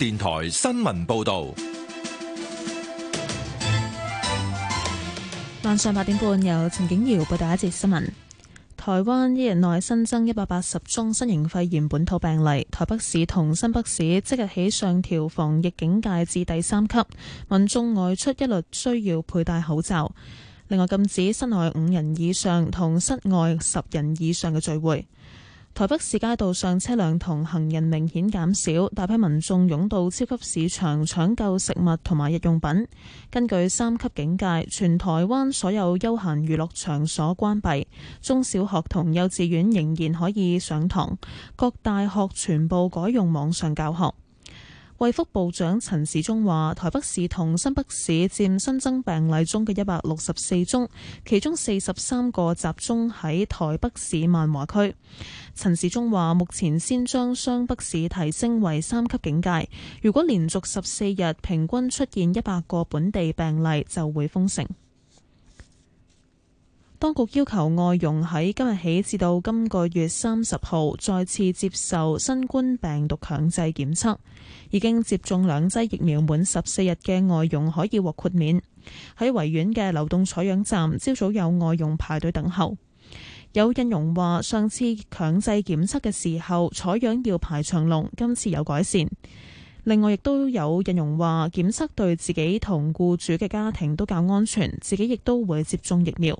電台新聞報道，晚上八點半由陳景瑤報道一節新聞。台灣一日內新增一百八十宗新型肺炎本土病例，台北市同新北市即日起上調防疫警戒至第三級，民眾外出一律需要佩戴口罩，另外禁止室內五人以上同室外十人以上嘅聚會。台北市街道上車輛同行人明顯減少，大批民眾湧到超級市場搶購食物同埋日用品。根據三級警戒，全台灣所有休閒娛樂場所關閉，中小學同幼稚園仍然可以上堂，各大學全部改用網上教學。衛福部長陳時中話：台北市同新北市占新增病例中嘅一百六十四宗，其中四十三個集中喺台北市萬華區。陳時中話：目前先將雙北市提升為三級警戒，如果連續十四日平均出現一百個本地病例，就會封城。當局要求外傭喺今日起至到今個月三十號再次接受新冠病毒強制檢測。已經接種兩劑疫苗滿十四日嘅外傭可以獲豁免。喺維園嘅流動採樣站，朝早有外傭排隊等候。有印傭話，上次強制檢測嘅時候採樣要排長龍，今次有改善。另外，亦都有印傭話，檢測對自己同僱主嘅家庭都較安全，自己亦都會接種疫苗。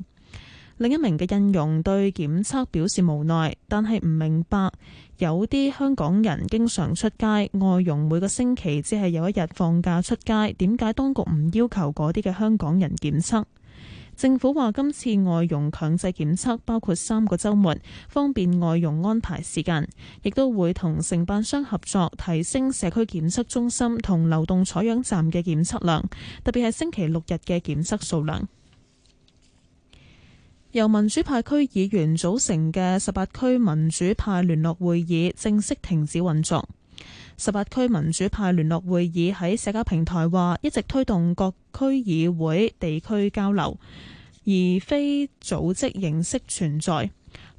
另一名嘅印傭對檢測表示無奈，但係唔明白有啲香港人經常出街，外傭每個星期只係有一日放假出街，點解當局唔要求嗰啲嘅香港人檢測？政府話今次外傭強制檢測包括三個周末，方便外傭安排時間，亦都會同承辦商合作提升社區檢測中心同流動採樣站嘅檢測量，特別係星期六日嘅檢測數量。由民主派區議員組成嘅十八區民主派聯絡會議正式停止運作。十八區民主派聯絡會議喺社交平台話，一直推動各區議會地區交流，而非組織形式存在。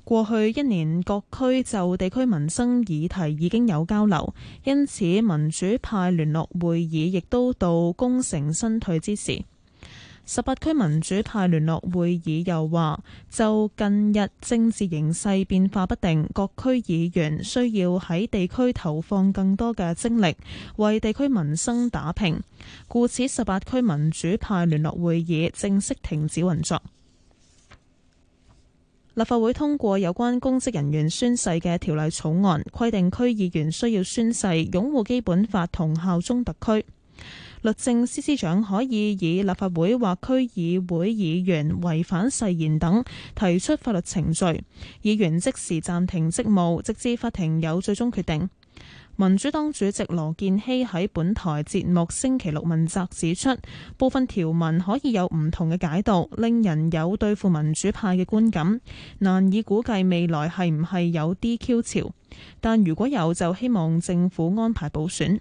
過去一年，各區就地區民生議題已經有交流，因此民主派聯絡會議亦都到功成身退之時。十八區民主派聯絡會議又話：就近日政治形勢變化不定，各區議員需要喺地區投放更多嘅精力，為地區民生打平，故此十八區民主派聯絡會議正式停止運作。立法會通過有關公職人員宣誓嘅條例草案，規定區議員需要宣誓擁護基本法同效忠特區。律政司司長可以以立法會或區議會議員違反誓言等提出法律程序，議員即時暫停職務，直至法庭有最終決定。民主黨主席羅健熙喺本台節目星期六問責指出，部分條文可以有唔同嘅解讀，令人有對付民主派嘅觀感，難以估計未來係唔係有 DQ 潮，但如果有就希望政府安排補選。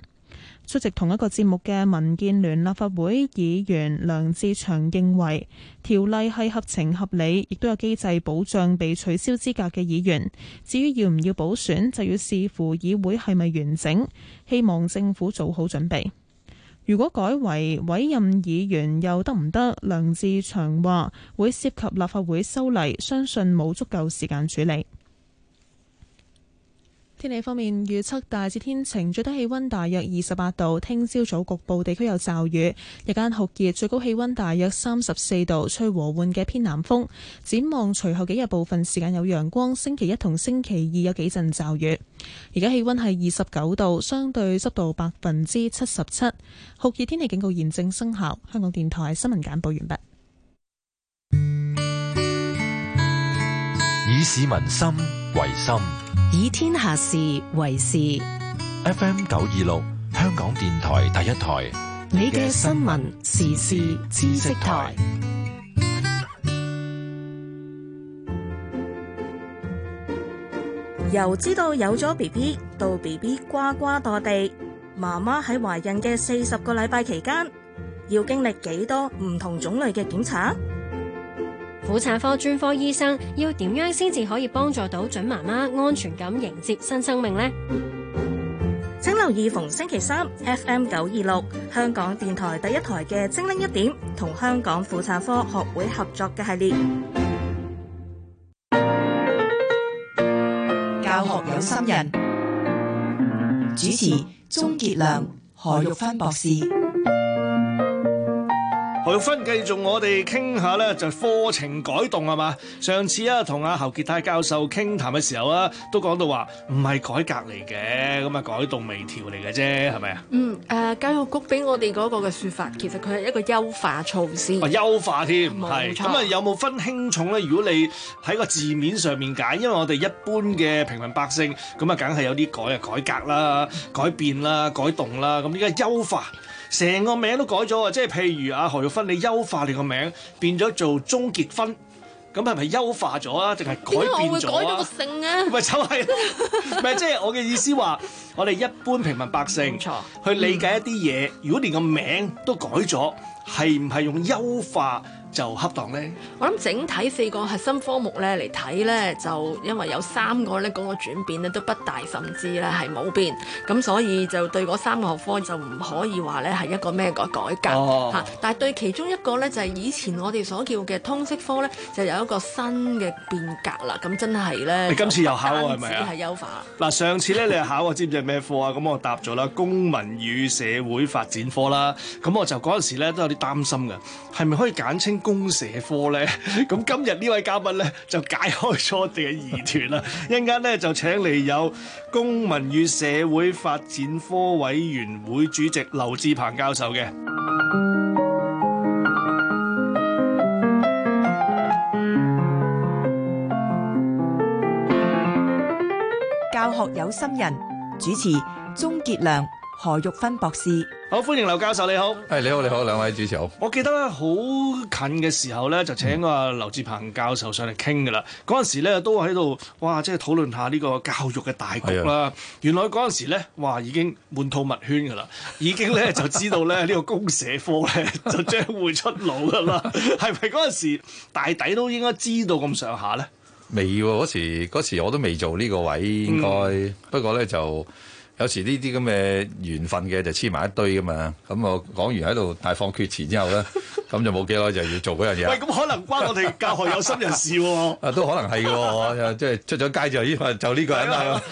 出席同一個節目嘅民建聯立法會議員梁志祥認為，條例係合情合理，亦都有機制保障被取消資格嘅議員。至於要唔要補選，就要視乎議會係咪完整。希望政府做好準備。如果改為委任議員又得唔得？梁志祥話會涉及立法會修例，相信冇足夠時間處理。天氣方面預測大致天晴，最低氣溫大約二十八度。聽朝早局部地區有驟雨，日間酷熱，最高氣溫大約三十四度，吹和緩嘅偏南風。展望隨後幾日部分時間有陽光，星期一同星期二有幾陣驟雨。而家氣溫係二十九度，相對濕度百分之七十七，酷熱天氣警告現正生效。香港電台新聞簡報完畢。以市民心為心。以天下事為事。FM 九二六，香港電台第一台，你嘅新聞時事知識台。由知道有咗 BB 到 BB 呱呱墮地，媽媽喺懷孕嘅四十個禮拜期間，要經歷幾多唔同種類嘅檢查？婦產科專科醫生要點樣先至可以幫助到準媽媽安全咁迎接新生命呢？請留意逢星期三 FM 九二六香港電台第一台嘅《精靈一點》同香港婦產科學會合作嘅系列教學有心人主持鍾傑良、何玉芬博士。我分繼續我哋傾下咧，就課程改動吖嘛？上次啊，同阿侯傑泰教授傾談嘅時候啊，都講到話唔係改革嚟嘅，咁啊改動微調嚟嘅啫，係咪啊？嗯，誒，教育局俾我哋嗰個嘅說法，其實佢係一個優化措施。優化添，係咁啊？有冇分輕重咧？如果你喺個字面上面揀，因為我哋一般嘅平民百姓，咁啊，梗係有啲改啊、改革啦、改變啦、改動啦，咁依家優化。成個名都改咗啊！即係譬如啊何玉芬，你優化你個名變咗做「鍾結婚」，咁係咪優化咗啊？定係改變咗啊？點解我會改個姓啊？咪就係咪即係我嘅意思話，我哋一般平民百姓，唔錯，去理解一啲嘢。如果連個名都改咗，係唔係用優化？就恰當咧？我諗整體四個核心科目咧嚟睇咧，就因為有三個咧嗰、那個轉變咧都不大，甚至咧係冇變，咁所以就對嗰三個學科就唔可以話咧係一個咩改改革嚇、哦啊。但係對其中一個咧就係、是、以前我哋所叫嘅通識科咧，就有一個新嘅變革啦。咁真係咧，你今次又考係咪優化啊？嗱， 上次咧你又考我知唔知係咩科啊？咁我答咗啦，公民與社會發展科啦。咁我就嗰陣時咧都有啲擔心嘅，係咪可以簡稱？公社科呢，咁今日呢位嘉賓呢就解開咗我哋嘅疑團啦！一陣間呢就請嚟有公民與社會發展科委員會主席劉智鵬教授嘅教學有心人主持鍾傑良。何玉芬博士，好歡迎劉教授，你好，係你好，你好，兩位主持好。我記得咧，好近嘅時候咧，就請阿劉智鵬教授上嚟傾噶啦。嗰陣、嗯、時咧，都喺度，哇，即係討論下呢個教育嘅大局啦。的原來嗰陣時咧，哇，已經滿套密圈噶啦，已經咧就知道咧呢個公社科咧 就將會出爐噶啦。係咪嗰陣時大抵都應該知道咁上下咧？未嗰時，嗰時我都未做呢個位應該，應該、嗯、不過咧就。有時呢啲咁嘅緣分嘅就黐埋一堆噶嘛，咁、嗯、我講完喺度大放厥詞之後咧。 咁就冇幾耐就要做嗰樣嘢。喂，咁可能關我哋教學有心人士喎。啊， 都可能係喎，即係 出咗街就呢份就呢個人啦、啊。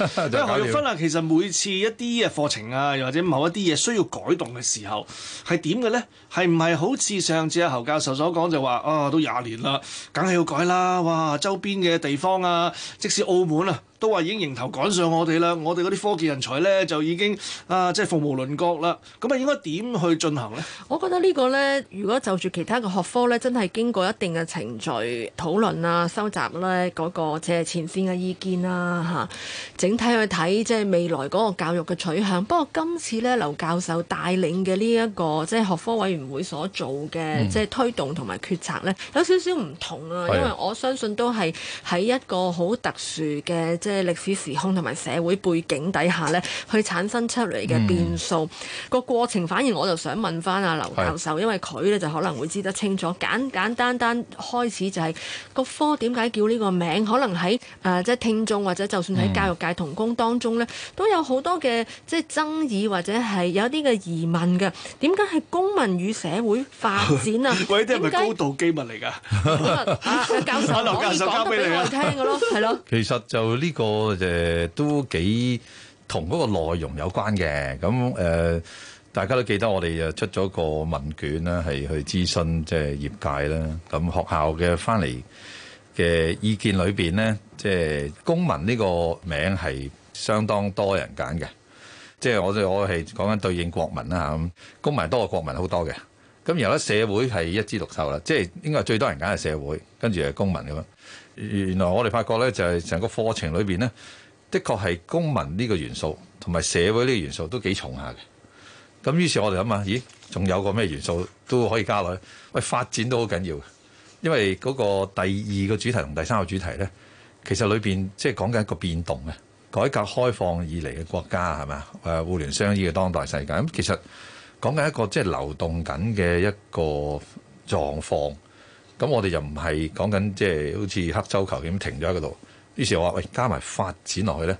何玉芬啦、啊，其實每次一啲嘅課程啊，又或者某一啲嘢需要改動嘅時候，係點嘅咧？係唔係好似上次阿侯教授所講就話啊，都廿年啦，梗係要改啦。哇，周邊嘅地方啊，即使澳門啊，都話已經迎頭趕上我哋啦。我哋嗰啲科技人才咧就已經啊，即係鳳毛麟角啦。咁啊，應該點去進行咧？我覺得個呢個咧，如果就其他嘅學科咧，真係經過一定嘅程序討論啊、收集咧嗰個即係前線嘅意見啦吓，整體去睇即係未來嗰個教育嘅取向。不過今次咧，劉教授帶領嘅呢一個即係學科委員會所做嘅即係推動同埋決策咧，有少少唔同啊。因為我相信都係喺一個好特殊嘅即係歷史時空同埋社會背景底下咧，去產生出嚟嘅變數個過程。反而我就想問翻阿劉教授，因為佢咧就可能。會知得清楚，簡簡單單開始，就係個科點解叫呢個名，可能喺誒、呃、即係聽眾或者就算喺教育界同工當中咧，嗯、都有好多嘅即係爭議或者係有啲嘅疑問嘅。點解係公民與社會發展啊？啲係咪高度機密嚟㗎？啊、 教授可以講得俾我聽嘅咯，係咯。其實就呢、呢個誒、呃、都幾同嗰個內容有關嘅。咁誒。呃大家都記得我哋誒出咗個問卷咧，係去諮詢即係業界啦。咁學校嘅翻嚟嘅意見裏邊呢，即係公民呢個名係相當多人揀嘅。即係我我係講緊對應國民啦嚇，公民多過國民好多嘅。咁然後咧社會係一枝獨秀啦，即係應該最多人揀係社會，跟住係公民咁樣。原來我哋發覺呢，就係成個課程裏邊呢，的確係公民呢個元素同埋社會呢個元素都幾重下嘅。咁於是，我哋諗下，咦？仲有個咩元素都可以加落去？喂，發展都好緊要，因為嗰個第二個主題同第三個主題呢，其實裏邊即係講緊一個變動嘅改革開放以嚟嘅國家係咪啊？誒，互聯相依嘅當代世界咁，其實講緊一個即係流動緊嘅一個狀況。咁我哋又唔係講緊即係好似黑洲球咁停咗喺嗰度。於是我話喂，加埋發展落去呢。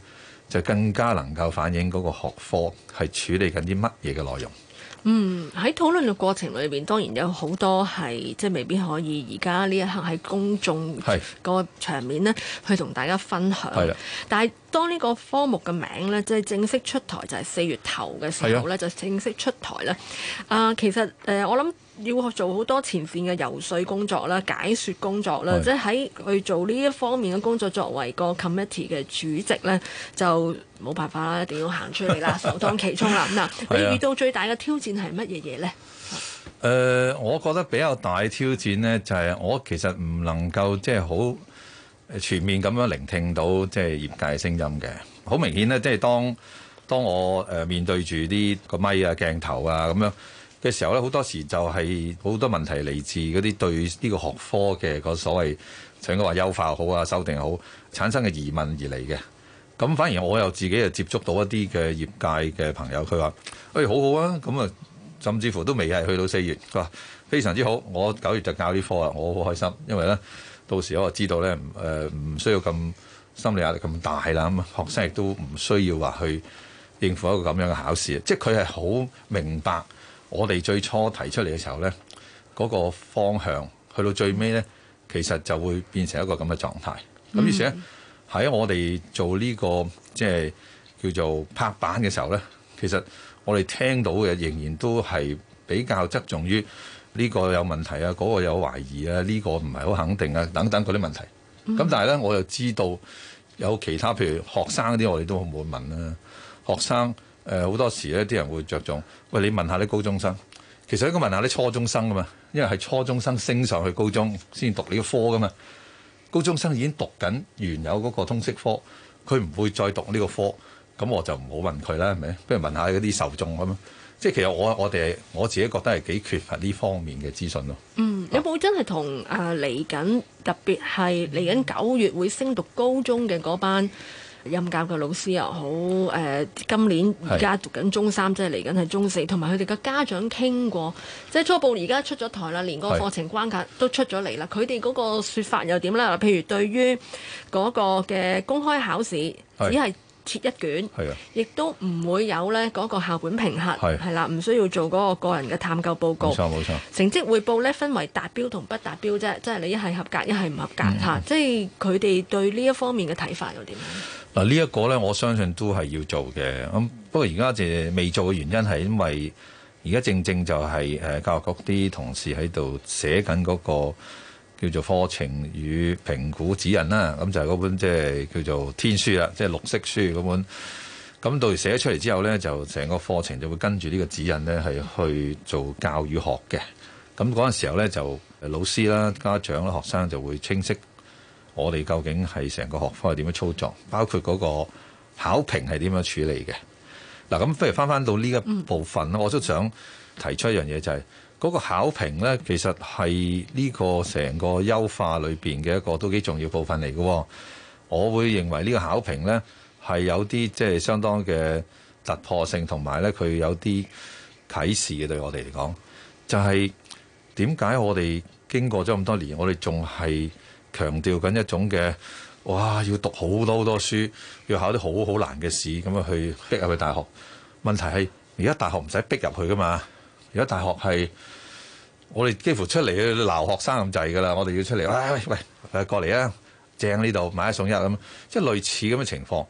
就更加能夠反映嗰個學科係處理緊啲乜嘢嘅內容。嗯，喺討論嘅過程裏邊，當然有好多係即係未必可以而家呢一刻喺公眾嘅個場面咧，是去同大家分享。的但係當呢個科目嘅名呢，即係正式出台就係四月頭嘅時候呢，的就正式出台咧。啊、呃，其實誒、呃，我諗。要做好多前線嘅游說工作啦、解說工作啦，是即係喺去做呢一方面嘅工作，作為個 committee 嘅主席呢，就冇辦法啦，一定要行出嚟啦，首 當其衝啦。嗱，啊、你遇到最大嘅挑戰係乜嘢嘢呢？誒、呃，我覺得比較大挑戰呢，就係、是、我其實唔能夠即係好全面咁樣聆聽到即係、就是、業界聲音嘅。好明顯呢，即、就、係、是、當當我誒面對住啲個咪啊、鏡頭啊咁樣嘅時候咧，好多時就係好多問題嚟自嗰啲對呢個學科嘅個所謂，請佢話優化好啊，修訂好產生嘅疑問而嚟嘅。咁反而我又自己又接觸到一啲嘅業界嘅朋友，佢話，誒、欸、好好啊，咁啊，甚至乎都未係去到四月，佢話非常之好。我九月就教呢科啊，我好開心，因為咧到時我就知道咧，唔唔、呃、需要咁心理壓力咁大啦。咁學生亦都唔需要話去應付一個咁樣嘅考試，即係佢係好明白。我哋最初提出嚟嘅時候呢，嗰個方向去到最尾呢，其實就會變成一個咁嘅狀態。咁於是喺我哋做呢個即係叫做拍板嘅時候呢，其實我哋聽到嘅仍然都係比較側重於呢個有問題啊，嗰個有懷疑啊，呢個唔係好肯定啊，等等嗰啲問題。咁但係呢，我又知道有其他譬如學生嗰啲，我哋都好唔會問啦。學生。誒好多時咧，啲人會着重，喂，你問下啲高中生，其實應該問下啲初中生噶嘛，因為係初中生升上去高中先讀呢個科噶嘛。高中生已經讀緊原有嗰個通識科，佢唔會再讀呢個科，咁我就唔好問佢啦，係咪？不如問下嗰啲受眾咁啊，即係其實我我哋我自己覺得係幾缺乏呢方面嘅資訊咯、啊。嗯，有冇真係同誒嚟緊，特別係嚟緊九月會升讀高中嘅嗰班？任教嘅老師又好，誒、呃，今年而家讀緊中三，是即係嚟緊係中四，同埋佢哋嘅家長傾過，即係初步而家出咗台啦，連個課程關卡都出咗嚟啦。佢哋嗰個説法又點咧？譬如對於嗰個嘅公開考試，只係。切一卷，係啊，亦都唔會有呢嗰個校本評核，係啦，係啊，唔需要做嗰個個人嘅探究報告。冇錯冇錯。成績匯報呢，分為達標同不達標啫，即係你一係合格一係唔合格嚇。嗯嗯，即係佢哋對呢一方面嘅睇法又點？嗱呢一個呢，我相信都係要做嘅。咁不過而家就未做嘅原因係因為而家正正就係誒教育局啲同事喺度寫緊嗰個。叫做課程與評估指引啦，咁就係嗰本即係、就是、叫做天書啦，即、就、係、是、綠色書嗰本。咁到時寫出嚟之後呢，就成個課程就會跟住呢個指引呢，係去做教與學嘅。咁嗰陣時候呢，就老師啦、家長啦、學生就會清晰我哋究竟係成個學科係點樣操作，包括嗰個考評係點樣處理嘅。嗱，咁不如翻翻到呢一部分啦，我都想提出一樣嘢就係、是。嗰個考評呢，其實係呢個成個優化裏邊嘅一個都幾重要部分嚟嘅。哦。我會認為呢個考評呢，係有啲即係相當嘅突破性，同埋呢，佢有啲啟示嘅。對我哋嚟講，就係點解我哋經過咗咁多年，我哋仲係強調緊一種嘅哇，要讀好多好多書，要考啲好好難嘅試，咁樣去逼入去大學。問題係而家大學唔使逼入去噶嘛。如果大學係我哋幾乎出嚟去鬧學生咁滯噶啦，我哋要出嚟喂喂喂，誒過嚟啊，正呢度買一送一咁，即係類似咁嘅情況。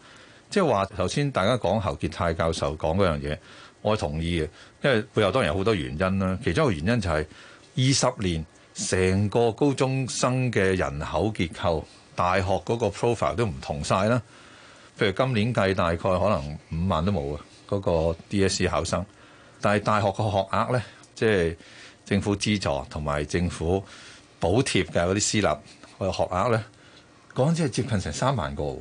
即係話頭先大家講侯傑泰教授講嗰樣嘢，我係同意嘅，因為背後當然有好多原因啦。其中一個原因就係二十年成個高中生嘅人口結構、大學嗰個 profile 都唔同晒啦。譬如今年計大概可能五萬都冇啊，嗰個 DSE 考生。但係大學個學額呢，即係政府資助同埋政府補貼嘅嗰啲私立個學額咧，講真係接近成三萬個喎。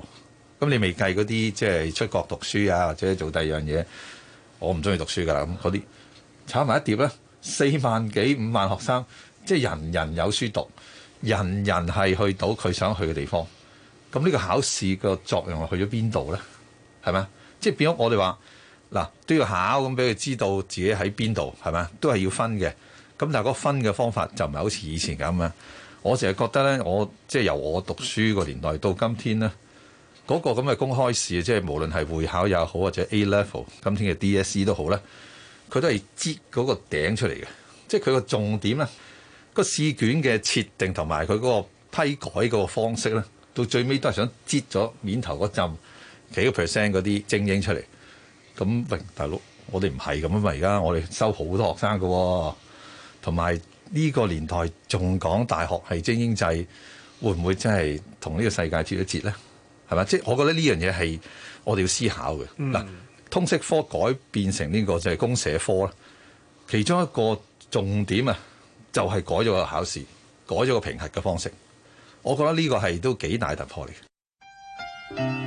咁你未計嗰啲即係出國讀書啊，或者做第二樣嘢，我唔中意讀書㗎啦。咁嗰啲炒埋一碟呢，四萬幾五萬學生，即係人人有書讀，人人係去到佢想去嘅地方。咁呢個考試個作用係去咗邊度呢？係咪即係變咗我哋話。嗱，都要考咁，俾佢知道自己喺邊度，係咪？都係要分嘅。咁但係個分嘅方法就唔係好似以前咁啊。我成日覺得咧，我即係由我讀書個年代到今天咧，嗰個咁嘅公開試，即係無論係會考又好，或者 A Level，今天嘅 DSE 都好咧，佢都係擠嗰個頂出嚟嘅，即係佢個重點咧，個試卷嘅設定同埋佢嗰個批改嗰個方式咧，到最尾都係想擠咗面頭嗰陣幾個 percent 嗰啲精英出嚟。咁喂，大陸，我哋唔係，咁啊嘛！而家我哋收好多學生嘅，同埋呢個年代仲講大學係精英制，會唔會真係同呢個世界接一節呢？係咪？即係我覺得呢樣嘢係，我哋要思考嘅。嗱、mm，hmm. 2 通識科改變成呢、這個就係、是、公社科啦，其中一個重點啊，就係改咗個考試，改咗個評核嘅方式。我覺得呢個得，係都幾大突破嚟嘅。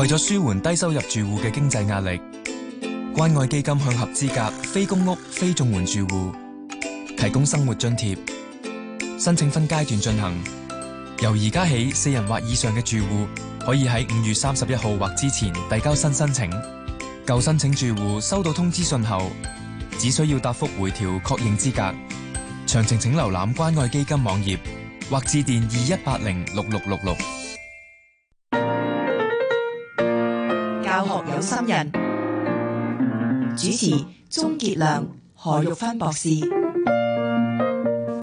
為咗舒緩低收入住戶嘅經濟壓力，關愛基金向合資格、非公屋、非綜援住戶提供生活津貼，申請分階段進行。由而家起，四人或以上嘅住戶可以喺五月三十一號或之前遞交新申請。舊申請住戶收到通知信後，只需要答覆回條確認資格。詳情請瀏覽關愛基金網頁或致電二一八零六六六六。教學有心人，主持鍾傑良、何玉芬博士。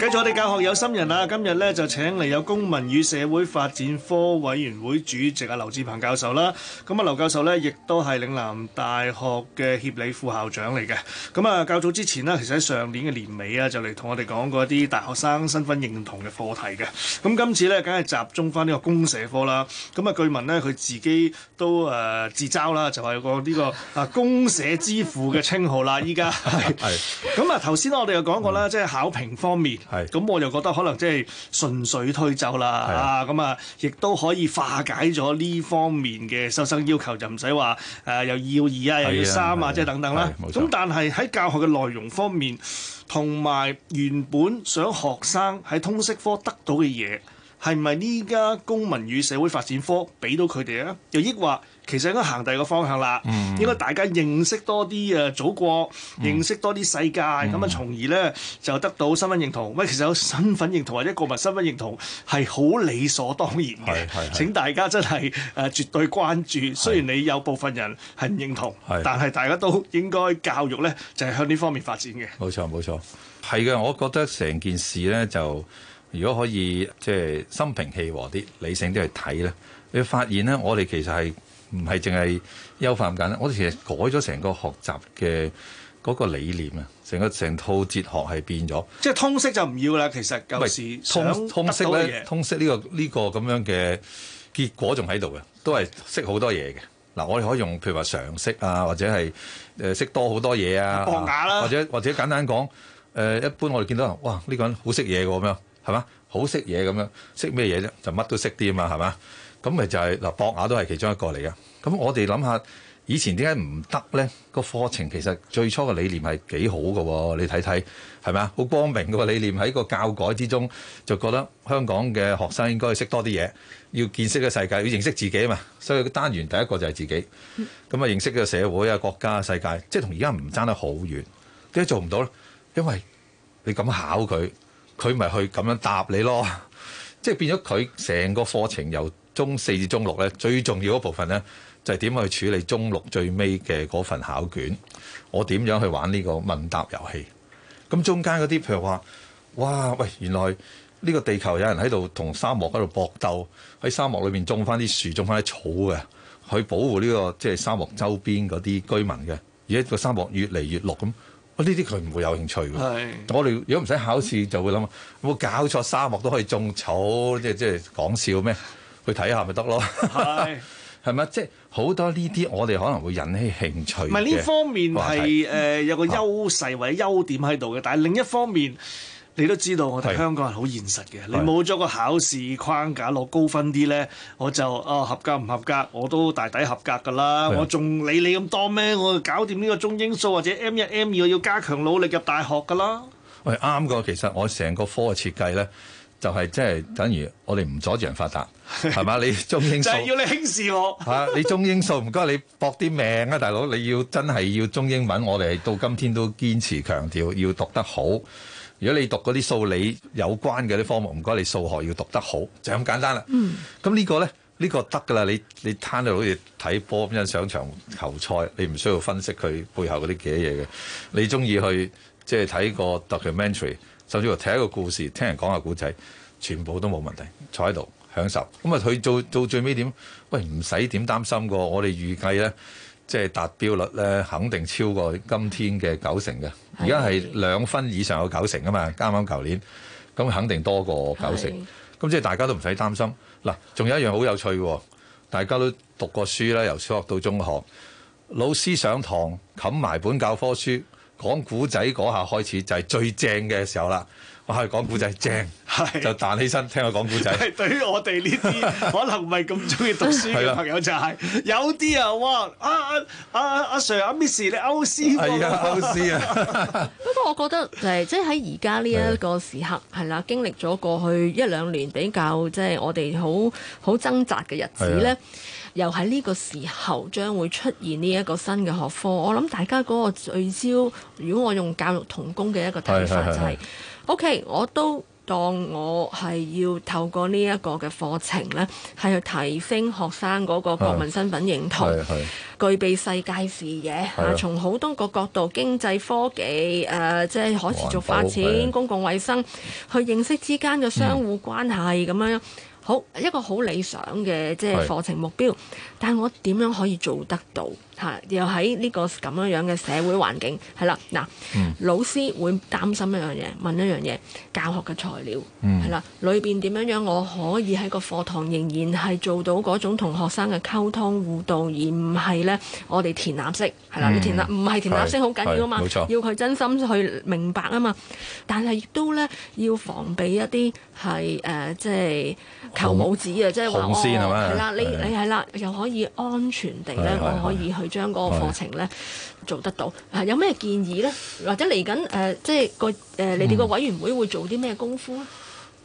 多謝我哋教學有心人啊！今日咧就請嚟有公民與社會發展科委員會主席啊，劉智鵬教授啦。咁啊，劉教授咧亦都係嶺南大學嘅協理副校長嚟嘅。咁啊，較早之前呢，其實喺上年嘅年尾啊，就嚟同我哋講過一啲大學生身份認同嘅課題嘅。咁今次咧，梗係集中翻呢個公社科啦。咁啊，據聞咧，佢自己都誒自嘲啦，就有個呢個啊公社之父嘅稱號啦。依家係係。咁啊，頭先我哋又講過啦，即係考評方面。咁我就覺得可能即係順水推舟啦，啊咁的啊，亦都可以化解咗呢方面嘅收生要求，就唔使話誒又要二啊，又要三啊，即係等等啦。咁但係喺教學嘅內容方面，同埋原本想學生喺通識科得到嘅嘢，係咪呢家公民與社會發展科俾到佢哋咧？又抑或？其實應該行第二個方向啦。嗯、應該大家認識多啲誒祖國，嗯、認識多啲世界，咁啊、嗯，從而咧就得到身份認同。乜其實有身份認同或者國民身份認同係好理所當然嘅。請大家真係誒絕對關注。是雖然你有部分人係唔認同，是但係大家都應該教育咧就係、是、向呢方面發展嘅。冇錯冇錯，係嘅。我覺得成件事咧就如果可以即係、就是、心平氣和啲、理性啲去睇咧，你發現咧我哋其實係。唔係淨係優化咁簡單，我哋其實改咗成個學習嘅嗰個理念啊，成個成套哲學係變咗。即係通識就唔要啦，其實舊時通通識咧，通識呢、呢個呢、呢個咁樣嘅結果仲喺度嘅，都係識好多嘢嘅。嗱，我哋可以用譬如話常識啊，或者係誒識多好多嘢啊，博雅啦，或者或者簡單講誒，一般我哋見到人：哇「哇、呢、呢個人好識嘢㗎咁樣，係嘛，好識嘢咁樣，識咩嘢啫？就乜都識啲啊嘛，係嘛？咁咪就係、是、嗱，博雅都係其中一個嚟嘅。咁我哋諗下，以前點解唔得咧？個課程其實最初嘅理念係幾好嘅，哦，你睇睇係咪啊？好光明嗰個理念喺個教改之中，就覺得香港嘅學生應該識多啲嘢，要見識個世界，要認識自己啊嘛。所以個單元第一個就係自己，咁啊認識個社會啊、國家啊、世界，即係同而家唔爭得好遠。點解做唔到咧？因為你咁考佢，佢咪去咁樣答你咯。即係變咗佢成個課程又～中四至中六咧，最重要嗰部分咧，就係點樣去處理中六最尾嘅嗰份考卷。我點樣去玩呢個問答遊戲？咁中間嗰啲，譬如話，哇，喂，原來呢個地球有人喺度同沙漠喺度搏鬥，喺沙漠裏邊種翻啲樹，種翻啲草嘅，去保護呢個即係沙漠周邊嗰啲居民嘅。而家個沙漠越嚟越綠咁，哇！呢啲佢唔會有興趣㗎。是我哋如果唔使考試，就會諗，有冇搞錯？沙漠都可以種草，即係即係講笑咩？去睇下咪得咯，係咪？ 即係好多呢啲，我哋可能會引起興趣。唔係呢方面係誒、呃、有個優勢或者優點喺度嘅，但係另一方面，你都知道我哋香港人好現實嘅。是你冇咗個考試框架落高分啲咧，我就啊、哦、合格唔合格我都大抵合格噶啦。是我仲理你咁多咩？我搞掂呢個中英數或者 M 一 M 二，我要加強努力入大學噶啦。喂，啱噶，其實我成個科嘅設計咧。就係即係等於我哋唔阻住人發達係嘛？ 你中英數 就係要你輕視我嚇、 啊？你中英數唔該你搏啲命啊，大佬！你要真係要中英文，我哋到今天都堅持強調要讀得好。如果你讀嗰啲數理有關嘅啲科目，唔該你數學要讀得好，就咁簡單啦。嗯。咁呢、呢個咧，呢個得噶啦！你你攤到好似睇波，因為上場球賽你唔需要分析佢背後嗰啲幾嘢嘅。你中意去即係睇個 documentary。甚至乎睇一個故事，聽人講下古仔，全部都冇問題，坐喺度享受。咁啊，佢做到最尾點？喂，唔使點擔心過。我哋預計呢，即係達標率呢，肯定超過今天嘅九成嘅。而家係兩分以上有九成啊嘛，啱啱舊年。咁肯定多過九成。咁的即係大家都唔使擔心。嗱，仲有一樣好有趣喎，大家都讀過書啦，由小學到中學，老師上堂冚埋本教科書。講古仔嗰下開始就係最正嘅時候啦！哇，講古仔正， 是就彈起身聽我講古仔。 對於我哋呢啲可能唔係咁中意讀書嘅朋友就係、係、 啦有啲啊哇啊啊啊啊，啊 Sir 阿、啊啊、Miss 你歐思？係啊、哎、歐思啊。不 過我覺得誒、就係，即係喺而家呢一個時刻係啦呀，經歷咗過去一兩年比較即係我哋好好掙扎嘅日子咧。又喺呢個時候將會出現呢一個新嘅學科，我諗大家嗰個聚焦，如果我用教育同工嘅一個睇法，就是，就係 O.K.，我都當我係要透過呢一個嘅課程呢係去提升學生嗰個國民身份認同，是是是具備世界視野嚇是、啊，從好多個角度，經濟、科技、誒、呃，即係可持續發展、是是公共衛生，去認識之間嘅相互關係咁樣。嗯嗯好一個好理想嘅即係課程目標，是但係我點樣可以做得到？嚇又喺呢個咁樣樣嘅社會環境係啦，嗱老師會擔心一樣嘢問一樣嘢，教學嘅材料係啦，裏邊點樣樣我可以喺個課堂仍然係做到嗰種同學生嘅溝通互動，而唔係咧我哋填鴨式係啦，你填鴨唔係填鴨式好緊要啊嘛，冇錯，要佢真心去明白啊嘛。但係亦都咧要防備一啲係誒，即係求母子啊，即係話啦，你你係啦，又可以安全地咧，我可以去。將嗰個課程咧做得到，係的、啊、有咩建議咧？或者嚟緊誒，即係個誒，你哋個委員會會做啲咩功夫咧？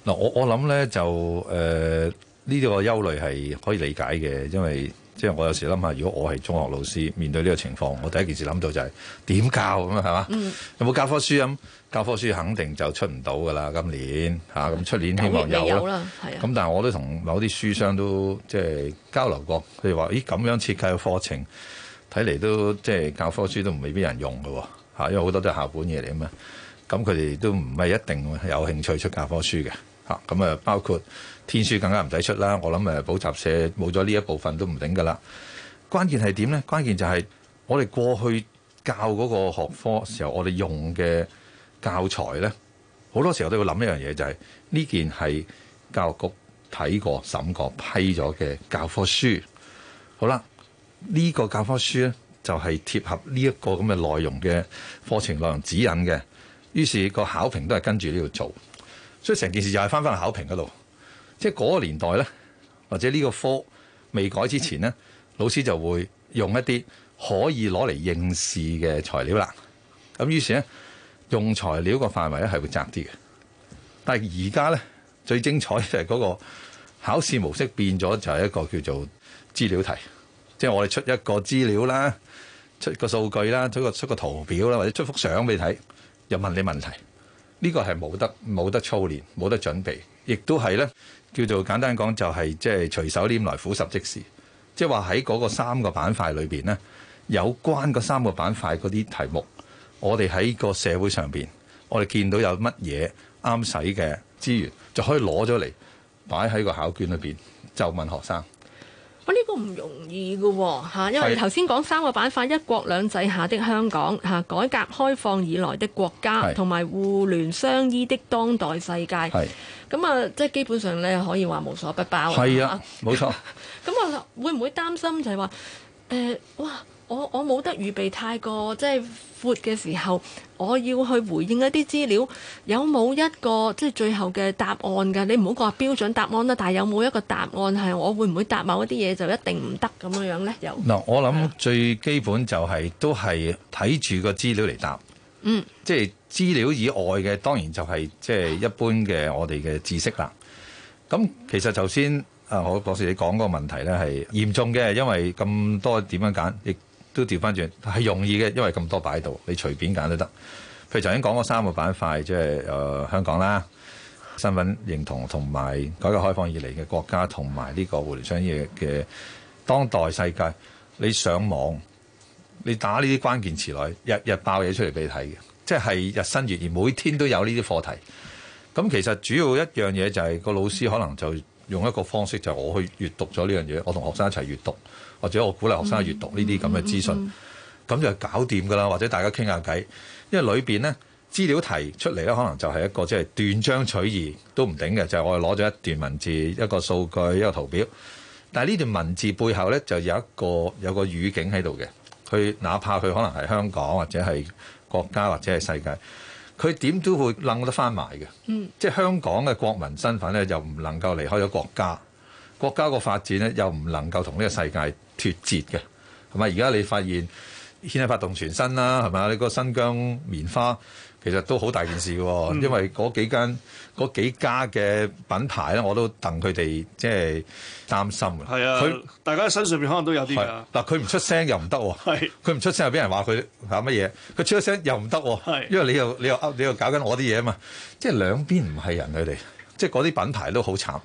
嗱、嗯，我我諗咧就誒呢、呃這個憂慮係可以理解嘅，因為即係我有時諗下，如果我係中學老師，面對呢個情況，我第一件事諗到就係、是、點教咁係嘛？嗯、有冇教科書咁？教科書肯定就出唔到噶啦，今年吓咁出年希望有啦。咁但係我都同某啲書商都即係交流過，佢哋話：咦，咁樣設計嘅課程。睇嚟都即係、就是、教科書都唔未必有人用嘅，嚇，因為好多都係校本嘢嚟啊嘛。咁佢哋都唔係一定有興趣出教科書嘅。嚇，咁啊，包括天書更加唔使出啦。我諗誒補習社冇咗呢一部分都唔頂噶啦。關鍵係點咧？關鍵就係我哋過去教嗰個學科嘅時候，我哋用嘅教材咧，好多時候都要諗一樣嘢、就是，就係呢件係教育局睇過、審過、批咗嘅教科書。好啦。呢個教科書咧就係貼合呢一個咁嘅內容嘅課程內容指引嘅，於是個考評都係跟住呢度做，所以成件事就係返返考評嗰度。即係嗰個年代呢，或者呢個科未改之前呢，老師就會用一啲可以攞嚟應試嘅材料啦。咁於是呢，用材料個範圍咧係會窄啲嘅，但係而家呢，最精彩就係嗰個考試模式變咗，就係一個叫做資料題。即係我哋出一個資料啦，出個數據啦，出個出個圖表啦，或者出幅相俾你睇，又問你問題。呢個係冇得冇得操練，冇得準備，亦都係咧叫做簡單講就係即係隨手拈來，俯拾即是。即係話喺嗰個三個板塊裏邊咧，有關嗰三個板塊嗰啲題目，我哋喺個社會上邊，我哋見到有乜嘢啱使嘅資源，就可以攞咗嚟擺喺個考卷裏邊，就問學生。呢、啊這個唔容易嘅喎，嚇、啊，因為頭先講三個板塊：是一國兩制下的香港，嚇、啊，改革開放以來的國家，同埋是互聯相依的當代世界。咁是啊，即係基本上咧，可以話無所不包。係的啊，冇錯錯。咁啊，會唔會擔心就係話，誒、呃，哇？我我冇得預備太過即係闊嘅時候，我要去回應一啲資料，有冇一個即係最後嘅答案㗎？你唔好講話標準答案啦，但係有冇一個答案係我會唔會答某一啲嘢就一定唔得咁樣樣咧？有嗱，我諗最基本就係都係睇住個資料嚟答，嗯，即係資料以外嘅當然就係即係一般嘅我哋嘅知識啦。咁其實頭先啊，何博士你講嗰個問題咧係嚴重嘅，因為咁多點樣揀都調翻轉係容易嘅，因為咁多擺度，你隨便揀都得。譬如頭先講嗰三個板塊，即係誒、呃、香港啦、身份認同同埋改革開放以嚟嘅國家，同埋呢個互聯商業嘅當代世界。你上網，你打呢啲關鍵詞落去，日日爆嘢出嚟俾你睇嘅，即係日新月異，每天都有呢啲課題。咁其實主要一樣嘢就係個老師可能就，用一個方式就我去閱讀咗呢樣嘢，我同學生一齊閱讀，或者我鼓勵學生去閱讀呢啲咁嘅資訊，咁、嗯嗯嗯、就搞掂噶啦。或者大家傾下偈，因為裏邊呢資料提出嚟呢，可能就係一個即係、就是、斷章取義都唔頂嘅，就係、是、我哋攞咗一段文字、一個數據、一個圖表，但係呢段文字背後呢，就有一個有一個語境喺度嘅，佢哪怕佢可能係香港或者係國家或者係世界。佢點都會楞得翻埋嘅，即係香港嘅國民身份咧，又唔能夠離開咗國家，國家個發展咧又唔能夠同呢個世界脫節嘅，係嘛？而家你發現牽一髮動全身啦，係嘛？你個新疆棉花。其實都好大件事嘅、哦，嗯、因為嗰幾間嗰幾家嘅品牌咧，我都戥佢哋即係擔心嘅。係啊，佢他大家身上邊可能都有啲㗎嗱。佢唔出聲又唔得、哦，係佢唔出聲又俾人話佢搞乜嘢。佢出咗聲又唔得、哦，係是因為你又你又你又，你又搞緊我啲嘢啊嘛。即係兩邊唔係人，佢哋即係嗰啲品牌都慘慘好慘。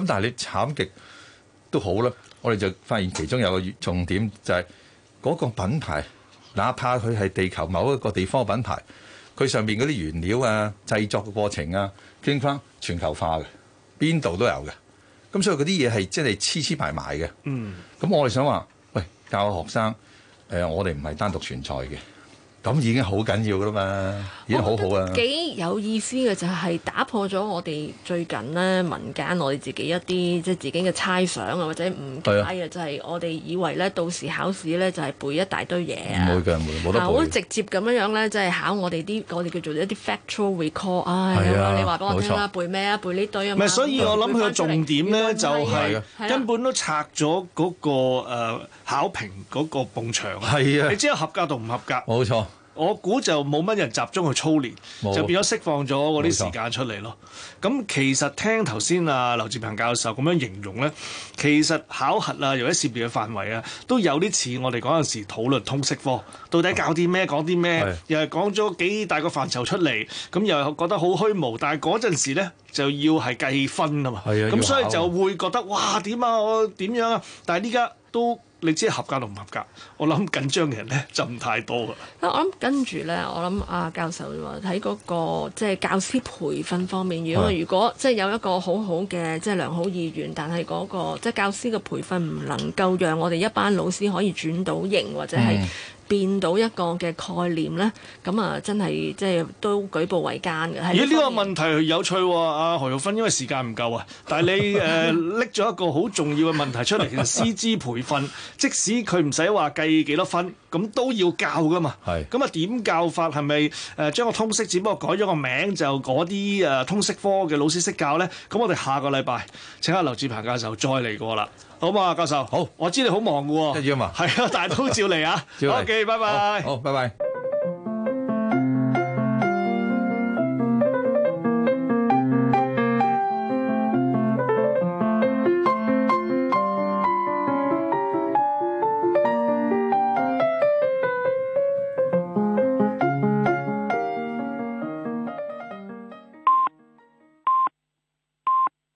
咁但係你慘極都好啦。我哋就發現其中有個重點就係、是、嗰、那個品牌，哪怕佢係地球某一個地方嘅品牌。佢上邊嗰啲原料啊、製作嘅過程啊，傾翻、mm hmm. 全球化嘅，邊度都有嘅。咁所以嗰啲嘢係即係黐黐埋埋嘅。嗯。咁我哋想話，喂，教學生，誒、呃，我哋唔係單獨存在嘅。咁已經好緊要噶啦嘛，已經好好啊！幾有意思嘅就係打破咗我哋最近咧民間我哋自己一啲即係自己嘅猜想啊，或者誤解啊，就係我哋以為咧到時考試咧就係背一大堆嘢啊，冇嘅冇，冇得背。好直接咁樣樣咧，即係考我哋啲我哋叫做一啲 factual recall 啊，係啊，你話俾我聽啦，背咩啊，背呢堆啊。唔係，所以我諗佢嘅重點咧就係根本都拆咗嗰個考評嗰個墻啊！係啊，你知有合格同唔合格？冇錯。我估就冇乜人集中去操練，就變咗釋放咗嗰啲時間出嚟咯。咁其實聽頭先啊劉智鵬教授咁樣形容咧，其實考核啊，或者涉獵嘅範圍啊，都有啲似我哋嗰陣時討論通識科，到底教啲咩，講啲咩，又係講咗幾大個範疇出嚟，咁又係覺得好虛無。但係嗰陣時咧就要係計分㗎嘛，咁所以就會覺得哇點啊我點樣啊！但係依家都。你知合格同唔合格？我諗緊張嘅人咧就唔太多㗎、啊。我諗跟住咧，我諗啊教授話喺嗰個即係、就是、教師培訓方面，如果如果即係、就是、有一個好好嘅即係良好意願，但係嗰、嗰個即係、就是、教師嘅培訓唔能夠讓我哋一班老師可以轉到型或者係。嗯。變到一個嘅概念咧，咁啊真係即係都舉步維艱嘅。咦？呢個問題有趣喎，阿、啊、何玉芬，因為時間唔夠啊。但係你誒拎咗一個好重要嘅問題出嚟，其實師資培訓，即使佢唔使話計幾多分，咁都要教噶嘛。係是。咁啊，點教法係咪誒將個通識只不過改咗個名，就嗰啲誒通識科嘅老師識教咧？咁我哋下個禮拜請阿劉智鵬教授再嚟過啦。好嘛，教授，好，我知你好忙嘅喎，跟住阿嘛，係啊，大刀照嚟啊，好，OK，拜拜，好，拜拜。